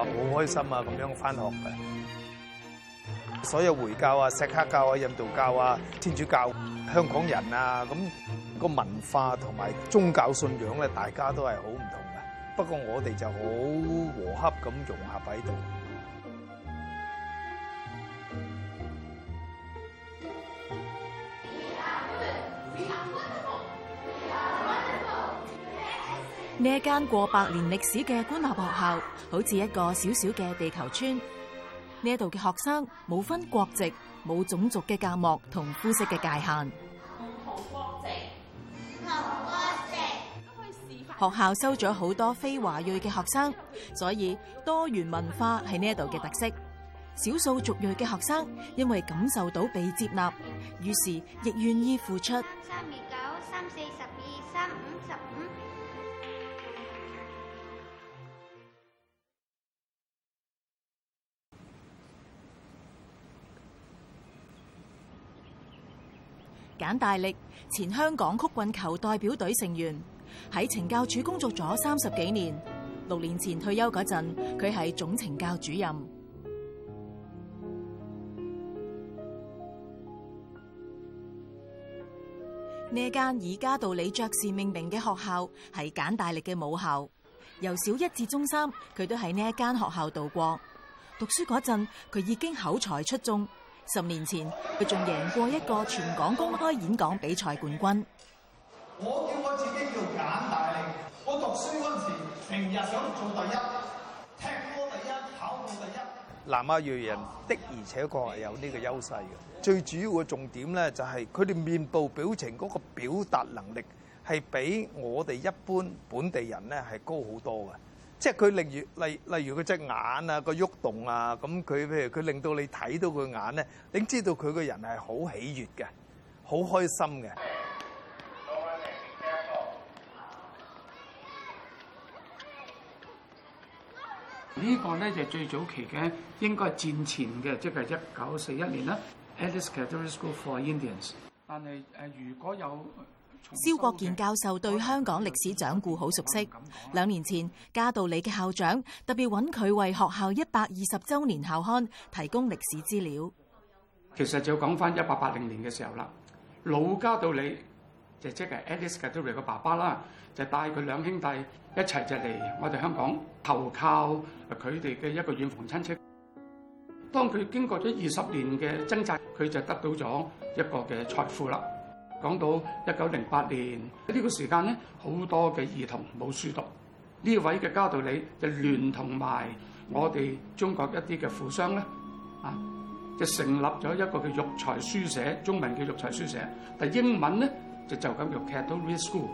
好開心啊！噉樣返學嘅，所有回教啊、錫克教啊、印度教啊、天主教、香港人啊，咁、那個文化同埋宗教信仰咧，大家都係好唔同嘅。不過我哋就好和洽咁融合喺度。呢一間過百年歷史嘅官立學校，好似一個小小嘅地球村。呢度嘅學生冇分國籍、冇種族嘅隔膜同膚色嘅界限國國國。學校收咗好多非華裔嘅學生，所以多元文化係呢一度嘅特色。少數族裔嘅學生因為感受到被接納，於是亦願意付出。簡大力，前香港曲棍球代表隊成員，喺懲教處工作咗三十幾年，六年前退休嗰陣，佢係總懲教主任。呢間以嘉道理爵士命名嘅學校係簡大力嘅母校，由小一至中三，佢都喺呢一間學校度過。讀書嗰陣，佢已經口才出眾。十年前佢仲贏過一個全港公開演講比賽冠軍。我叫我自己叫簡大力，我讀書嗰陣時平日想做第一，聽歌第一，考到第一。南亞裔人的而且確係有呢個優勢嘅。最主要嘅重點咧，就係佢哋面部表情嗰個表達能力係比我哋一般本地人咧係高好多嘅。即係佢例如例例如佢隻眼啊個喐動啊咁佢譬如佢令到你睇到佢眼咧，你知道佢個人係好喜悅嘅，好開心嘅。這個、呢個咧就係、最早期嘅，應該係戰前嘅，即係一九四一年啦。Ellis Kadoorie School for Indians，但係呃如果有。蕭國健教授對香港歷史掌故好熟悉。兩年前，嘉道理嘅校長特別揾佢為學校一百二十周年校刊提供歷史資料。其實就要講翻一八八零年嘅時候啦，老嘉道理就即係 Ellis Kadoorie 嘅爸爸啦，就帶佢兩兄弟一齊就嚟我哋香港投靠佢哋嘅一個遠房親戚。當佢經過咗二十年嘅掙扎，佢就得到咗一個嘅財富啦。講到一九零八年呢個時間咧，好多嘅兒童冇書讀。呢位嘅嘉道理就聯同埋我哋中國一啲嘅富商咧，啊，就成立咗一個叫育才書社，中文叫育才書社，但英文咧就就咁叫 Kadoorie School。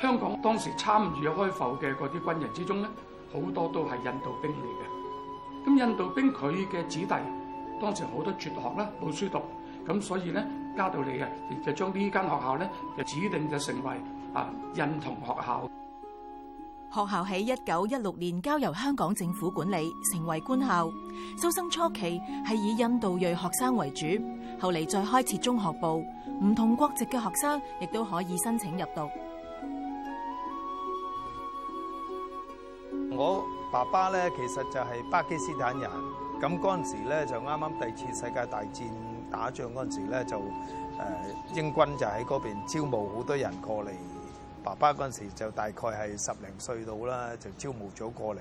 香港當時參與開埠嘅嗰啲軍人之中咧，好多都係印度兵嚟嘅。咁印度兵佢嘅子弟當時好多絕學啦，冇書讀，咁所以咧。嘉道理啊！就將呢間學校咧，就指定就成為啊印同學校。學校喺一九一六年交由香港政府管理，成為官校。收生初期係以印度裔學生為主，後嚟再開設中學部，唔同國籍嘅學生亦都可以申請入讀。我爸爸咧，其實就係巴基斯坦人。咁嗰陣時咧，就啱啱第二次世界大戰。打仗嗰陣時咧，就誒英軍就喺嗰邊招募好多人過嚟，爸爸嗰陣時就大概係十零歲度啦，就招募咗過嚟。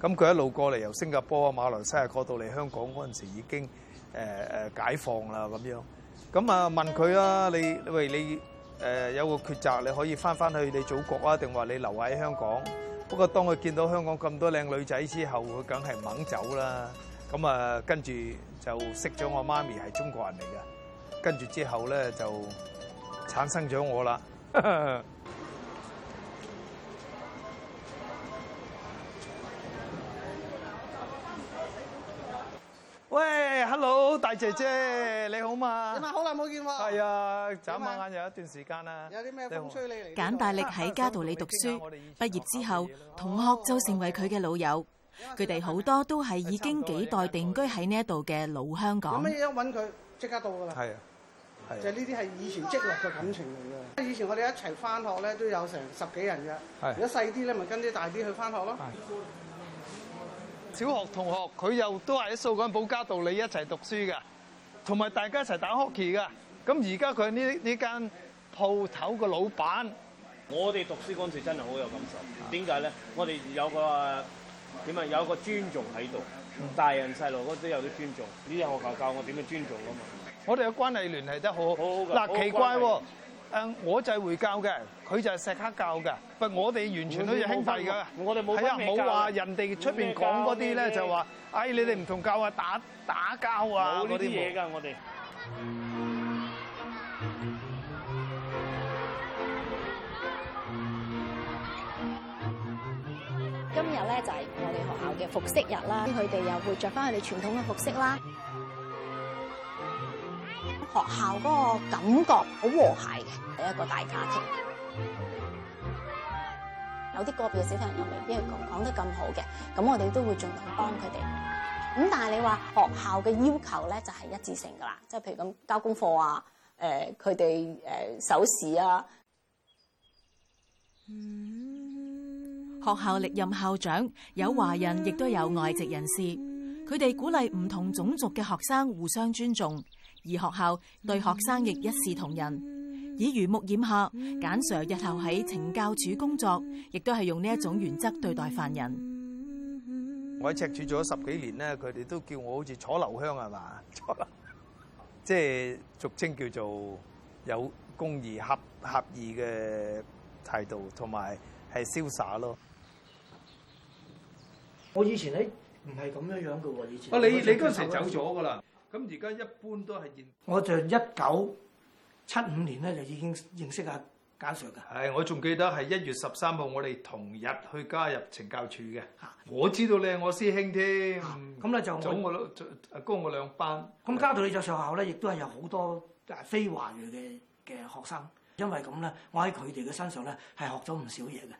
咁佢一路過嚟，由新加坡啊、馬來西亞過到嚟香港嗰陣時，已經誒誒解放啦咁樣。咁啊問佢啦，你，喂，你誒有個抉擇，你可以返返去你祖國啊，定話你留喺香港？不過當佢見到香港咁多靚女仔之後，佢梗係猛走啦。咁啊，跟住就識咗我媽咪係中國人嚟嘅，跟住之後咧就產生咗我啦。 喂，Hello，大姐姐，oh. 你好嘛？有好耐冇見喎？係啊，眨下眼又一段時間啦。有啲咩風吹你嚟？簡大力喺嘉道理讀書，畢業之後，oh. 同學就成為佢嘅老友。Oh. Okay. 佢哋好多都係已經幾代定居喺呢一度嘅老香港。咁你一揾佢，即刻到噶啦。係啊，就呢啲係以前積累嘅感情嚟嘅。咁以前我哋一齊翻學咧，都有成十幾人嘅。係。如果細啲咧，咪跟啲大啲去翻學咯。小學同學，佢又都係喺掃桿埔嘉道理一齊讀書噶，同埋大家一齊打 hockey 噶。咁而家佢呢呢間鋪頭嘅老闆，我哋讀書嗰陣時真係好有感受。點解咧？我哋有個。點啊？有一個尊重喺度，大人細路嗰啲有啲尊重，呢啲學校教我點樣尊重吖嘛？我哋嘅關係聯繫得好，好嗱好奇怪喎、誒，我就係回教嘅，佢就係錫克教嘅，喂，我哋完全都係兄弟㗎、啊，我哋冇咩教，啊冇話、啊、人哋出面講嗰啲咧就話，哎你哋唔同教打打啊打打交啊嗰啲嘢㗎我哋。今日咧就係、是、我哋學校嘅服飾日啦，佢哋又會着翻佢哋傳統嘅服飾啦。 學校嗰個感覺好和諧嘅，係 一個大家庭。 有啲個別嘅小朋友未必講講得咁好嘅，咁我哋都會盡量去幫佢哋。咁但係你話學校嘅要求咧就係、是、一致性噶啦，即、就、係、是、譬如咁交功課啊，誒佢哋誒守時啊。嗯。學校歷任校長有華人，亦都有外籍人士。佢哋鼓勵唔同種族嘅學生互相尊重，而學校對學生亦一視同仁。耳濡目染下，簡 Sir 日後喺懲教署工作，亦都係用呢一種原則對待犯人。我喺赤柱做咗十幾年呢，佢哋都叫我好似楚留香係嘛？即係、就是、俗稱叫做有公義合合義嘅態度，同埋係瀟灑咯。我以前咧唔係咁樣樣嘅喎，以前你。哦，你你嗰陣時走咗噶啦。咁而家一般都係現。我就一九七五年咧就已經認識下嘉 Sir 嘅。係，我仲記得係一月十三號，我哋同日去加入懲教處嘅。嚇、啊！我知道你係我師兄添。嚇、啊！咁咧就早早。早我兩，高我兩班。咁、啊、加到你做上，上校咧，亦都係有好多非華裔嘅嘅學生，因為咁咧，我喺佢哋嘅身上咧係學咗唔少嘢嘅。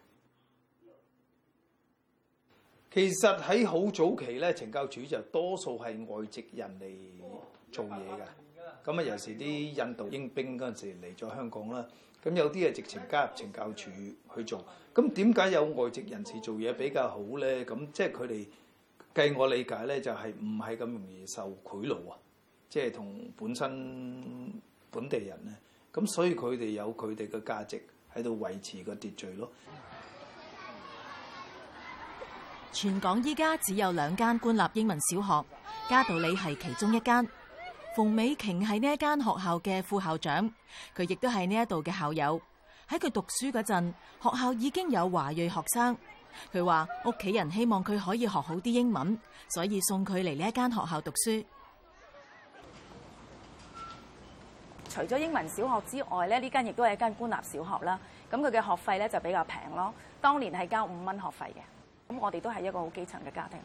其實喺好早期咧，懲教處就多數係外籍人嚟做嘢嘅。咁啊，有時啲印度英兵嗰陣時嚟咗香港啦，咁有啲係直情加入懲教處去做。咁點解有外籍人士做嘢比較好咧？咁即係佢哋計我理解咧，就係唔係咁容易受賄賂啊？即係同本身本地人咧，咁所以佢哋有佢哋嘅價值喺度維持個秩序咯。全港依家只有兩間官立英文小學，嘉道理係其中一間。馮美瓊係呢一間學校嘅副校長，佢亦都係呢一度嘅校友。喺佢讀書嗰陣，學校已經有華裔學生。佢話屋企人希望佢可以學好啲英文，所以送佢嚟呢一間學校讀書。除咗英文小學之外咧，呢間亦都係一間官立小學啦，咁佢嘅學費咧就比較平咯。當年係交五蚊學費嘅。咁我哋都係一個好基層嘅家庭，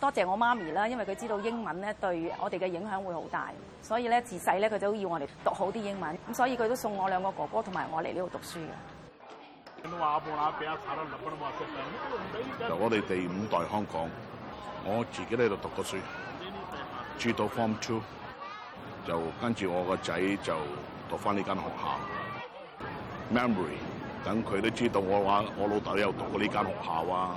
多謝我媽咪啦，因為佢知道英文咧對我哋嘅影響會好大，所以咧自細咧佢都要我哋讀好啲英文，咁所以佢都送我兩個哥哥同埋我嚟呢度讀書嘅。由我哋第五代香港，我自己咧喺度讀過書，至到 Form Two，就跟住我個仔就讀翻呢間學校，Memory，等佢都知道我話我老豆都有讀過呢間學校啊。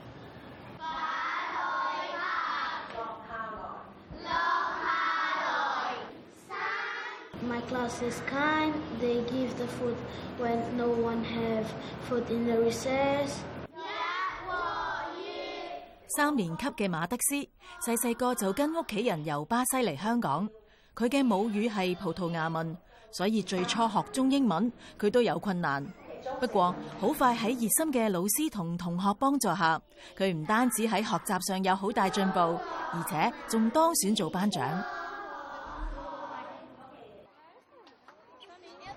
三年級嘅馬德斯，細細個就跟屋企人由巴西嚟香港。佢嘅母語係葡萄牙文，所以最初學中英文，佢都有困難。不過好快喺熱心嘅老師同同學幫助下，佢唔單止喺學習上有好大進步，而且仲當選做班長。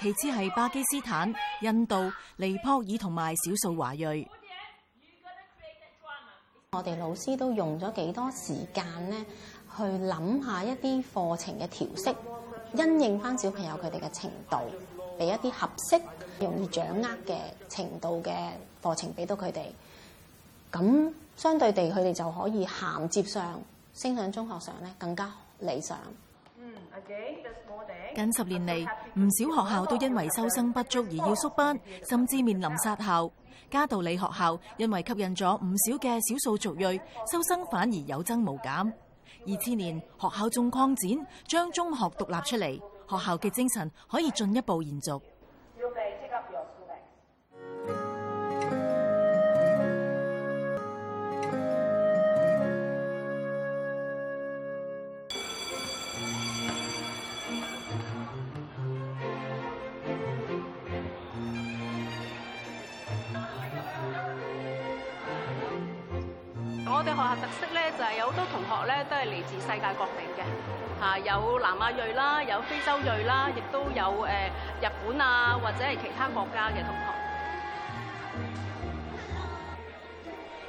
其次係巴基斯坦、印度、尼泊爾同埋少數華裔。我哋老師都用咗幾多時間咧，去諗下一啲課程嘅調適，因應翻小朋友佢哋嘅程度，俾一啲合適、容易掌握嘅程度嘅課程俾到佢哋。咁相對地，佢哋就可以銜接上升上中學上咧，更加理想。近十年嚟，唔少學校都因為收生不足而要縮班，甚至面臨殺校。嘉道理學校因為吸引咗唔少嘅少數族裔，收生反而有增無減。二千年學校仲擴展，將中學獨立出嚟，學校嘅精神可以進一步延續。瑞啦，有非洲裔啦，亦都有誒日本啊，或者係其他國家嘅同學。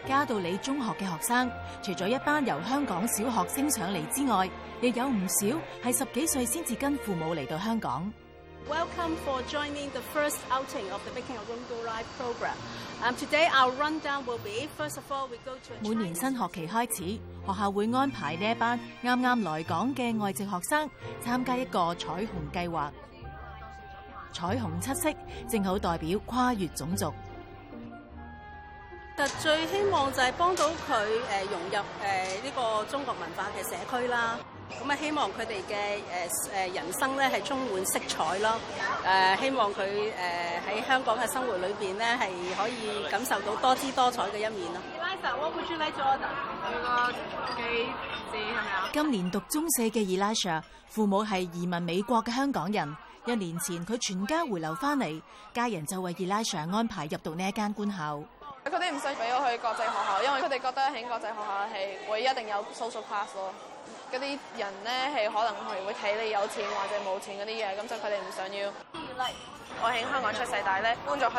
嘉道理中學嘅學生，除咗一班由香港小學升上嚟之外，亦有唔少係十幾歲先至跟父母嚟到香港。每年新學期開始，學校會安排呢一班啱啱來港嘅外籍學生參加一個彩虹計劃，彩虹七色正好代表跨越種族。最希望就係幫到佢融入誒呢個中國文化嘅社區啦。咁啊，希望佢哋嘅誒誒人生咧係充滿色彩咯。誒，希望佢誒喺香港嘅生活裏邊咧係可以感受到多姿多彩嘅一面咯。今年讀中四嘅 Elisha 父母係移民美國嘅香港人。一年前佢全家回流翻嚟，家人就為 Elisha 安排入讀呢一間官校。佢哋唔想俾我去國際學校，因為佢哋覺得喺國際學校係會一定有 social class 咯。嗰啲人咧，係可能係會睇你有錢或者冇錢嗰啲嘢，咁就佢哋唔想要。我喺香港出世，但係咧搬咗去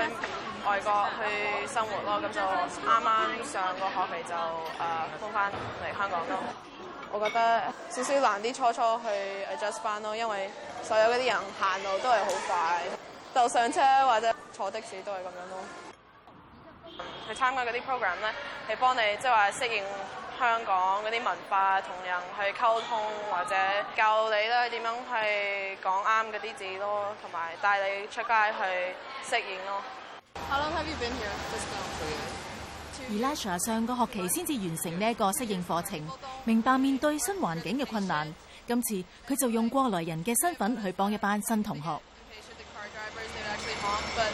外國去生活咯，咁就啱啱上個學期就誒搬翻嚟香港咯。我覺得少少難啲初初去 adjust 翻咯，因為所有嗰啲人行路都係好快，就上車或者坐的士都係咁樣咯。去參加嗰啲 program 咧，係幫你即係話適應香港嗰啲文化，同人去溝通，或者教你咧點樣去講啱嗰啲字咯，同埋帶你出街去適應咯。而 to... Lisha 上個學期先至完成呢一個適應課程，明白面對新環境嘅困難，今次佢就用過來人嘅身份去幫一班新同學。Okay. Okay. Okay. Okay.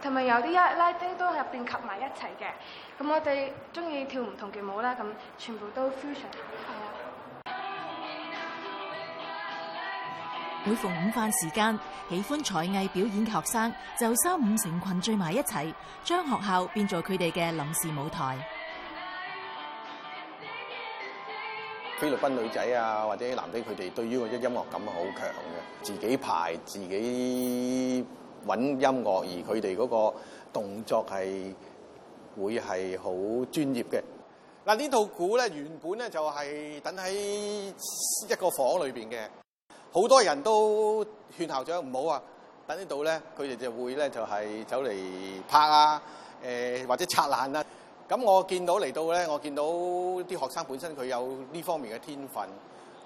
還一些一同埋有啲拉丁都入邊夾埋一齊嘅，咁我哋鍾意跳唔同嘅舞啦，咁全部都 fusion，係啊。每逢午飯時間，喜歡才藝表演嘅學生就三五成群聚埋一齊，將學校變做佢哋嘅臨時舞台。菲律賓女仔啊，或者男仔，佢哋對於嗰啲音樂感係好強嘅，自己排自己。.揾音樂而佢哋嗰個動作係會係好專業嘅。嗱，呢套鼓咧原本咧就係等喺一個房裏邊嘅，好多人都勸校長唔好啊，等呢度咧佢哋就會咧就係、是、走嚟拍啊，誒、呃、或者拆爛啊。咁我見到嚟到咧，我見到啲學生本身佢有呢方面嘅天分。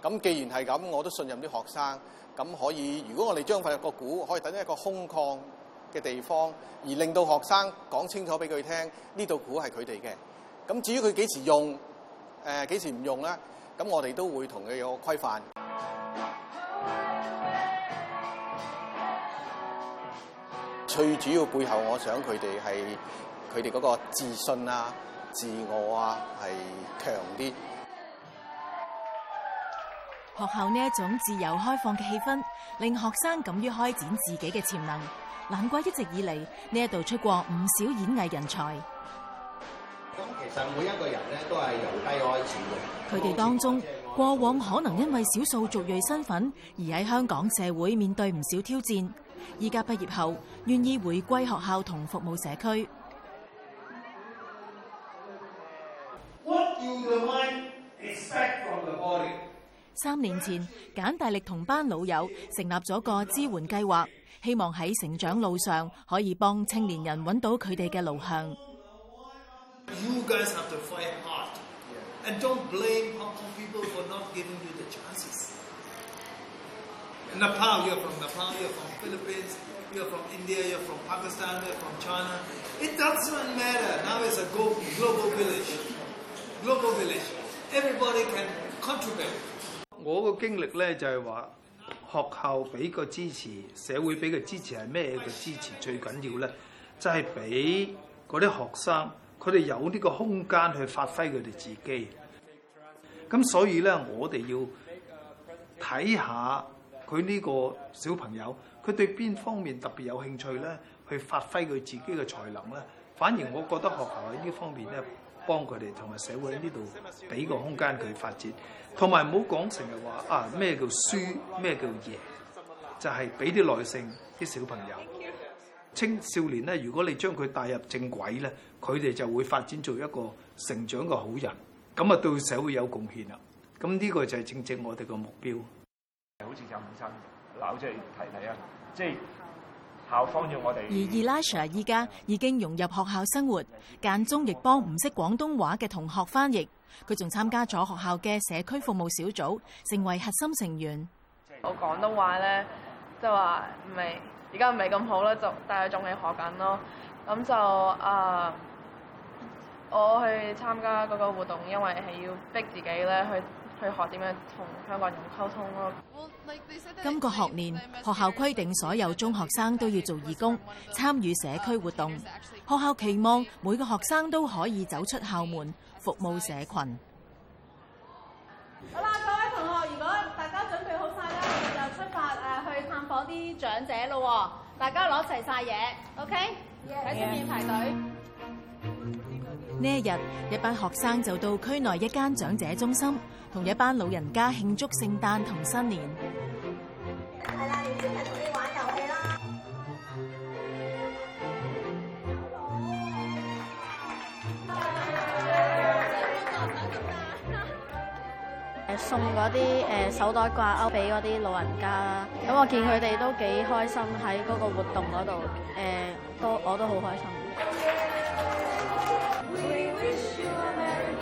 咁既然係咁，我都信任啲學生。咁可以，如果我哋將佢入個鼓，可以等一個空曠嘅地方，而令到學生講清楚俾佢聽，呢度鼓係佢哋嘅。咁至於佢幾時用，呃，幾時唔用咧？咁我哋都會同佢有個規範。最主要背後，我想佢哋係佢哋嗰個自信啊、自我啊，係強啲。學校呢一種自由開放嘅氣氛，令學生敢於開展自己嘅潛能，難怪一直以嚟呢一度出過唔少演藝人才。咁其實每一個人呢，都係由低開始嘅。佢哋當中過往可能因為少數族裔身份而喺香港社會面對唔少挑戰，依家畢業後願意回歸學校同服務社區。三年前，簡大力同班老友成立咗個支援計劃，希望喺成長路上可以幫青年人揾到佢哋嘅路向。You guys have to fight art, 我個經歷咧就係話學校俾個支持，社會俾個支持，係咩嘅支持最緊要咧？就係俾嗰啲學生佢哋有呢個空間去發揮佢哋自己。咁所以咧，我哋要睇下佢呢個小朋友，佢對邊方面特別有興趣咧，去發揮佢自己嘅才能咧。反而我覺得學校喺呢方面咧。幫佢哋同埋社會喺呢度俾個空間佢發展，同埋唔好講成日話啊咩叫輸咩叫贏，就係俾啲耐性啲小朋友、青少年咧。如果你將佢帶入正軌咧，佢哋就會發展做一個成長嘅好人，咁啊對社會有貢獻啦。咁呢個就係正正我哋嘅目標。好似有醫生，攞出嚟睇睇啊，即係。校方要我哋，而 Elisha 依家已經融入學校生活，間中亦幫唔識廣東話嘅同學翻譯。佢仲參加咗學校嘅社區服務小組，成為核心成員。我廣東話咧，即話唔係，而家唔係咁好啦，就但係仲係學緊咯。咁就啊，我去參加嗰個活動，因為係要逼自己咧去。去學點樣同香港人溝通咯。今個學年學校規定所有中學生都要做義工，參與社區活動。學校期望每個學生都可以走出校門，服務社群。好啦，各位同學，如果大家準備好晒啦，我哋就出發去探訪啲長者咯喎！大家攞齊晒嘢，OK？喺前面排隊。Yeah. 呢一日，一班學生就到區內一間長者中心，同一班老人家慶祝聖誕同新年。係啦，你專係同你玩遊戲啦。送啲、呃、手袋掛鈎俾啲老人家啦。咁我見佢哋都幾開心喺嗰個活動度、呃，都我都好開心。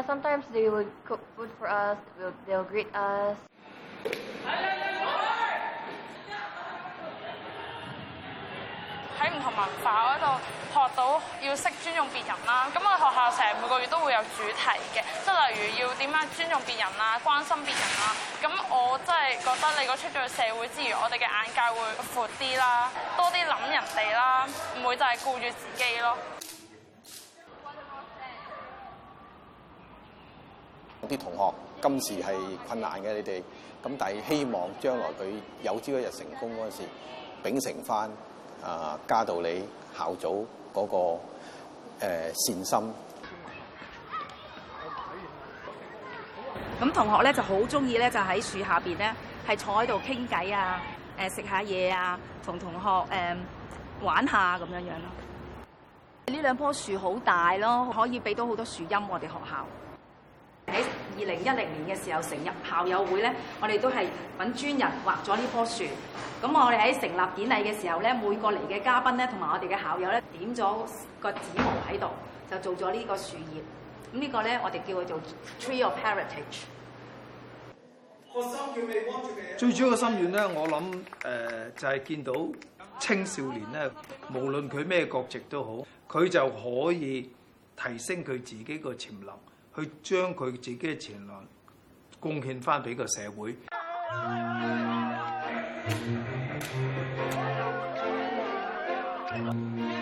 Sometimes they would cook food for us，會，佢哋會 greet us。喺唔同文化嗰度學到要識尊重別人啦，咁我學校成日每個月都會有主題嘅，即係例如要點樣尊重別人啦、關心別人啦。咁我真係覺得你個出咗去社會之餘，我哋嘅眼界會闊啲啦，多啲諗人哋啦，唔會就係顧住自己咯。啲同學今時係困難嘅，你哋咁，但係希望將來佢有朝一日成功嗰陣時，秉承翻啊、呃，嘉道理校組嗰、那個、呃、善心。咁同學咧就好鍾意咧，就喺樹下邊咧係坐喺度傾偈啊，誒、呃、食下嘢啊，同同學誒、呃、玩下咁樣樣咯。呢兩棵樹好大咯，可以俾到好多樹蔭，我哋學校喺二零一零年嘅時候，成立校友會咧，我哋都係揾專人畫咗呢棵樹。咁我哋喺成立典禮嘅時候咧，每個嚟嘅嘉賓咧，同埋我哋嘅校友咧，點咗個指模喺度，就做咗呢個樹葉。咁呢個咧，我哋叫佢做 Tree of Heritage。個心願未最主要嘅心願咧，我諗誒、呃、就係、是、見到青少年咧，無論佢咩國籍都好，佢就可以提升佢自己個潛能。去將佢自己嘅潛能貢獻翻俾個社會。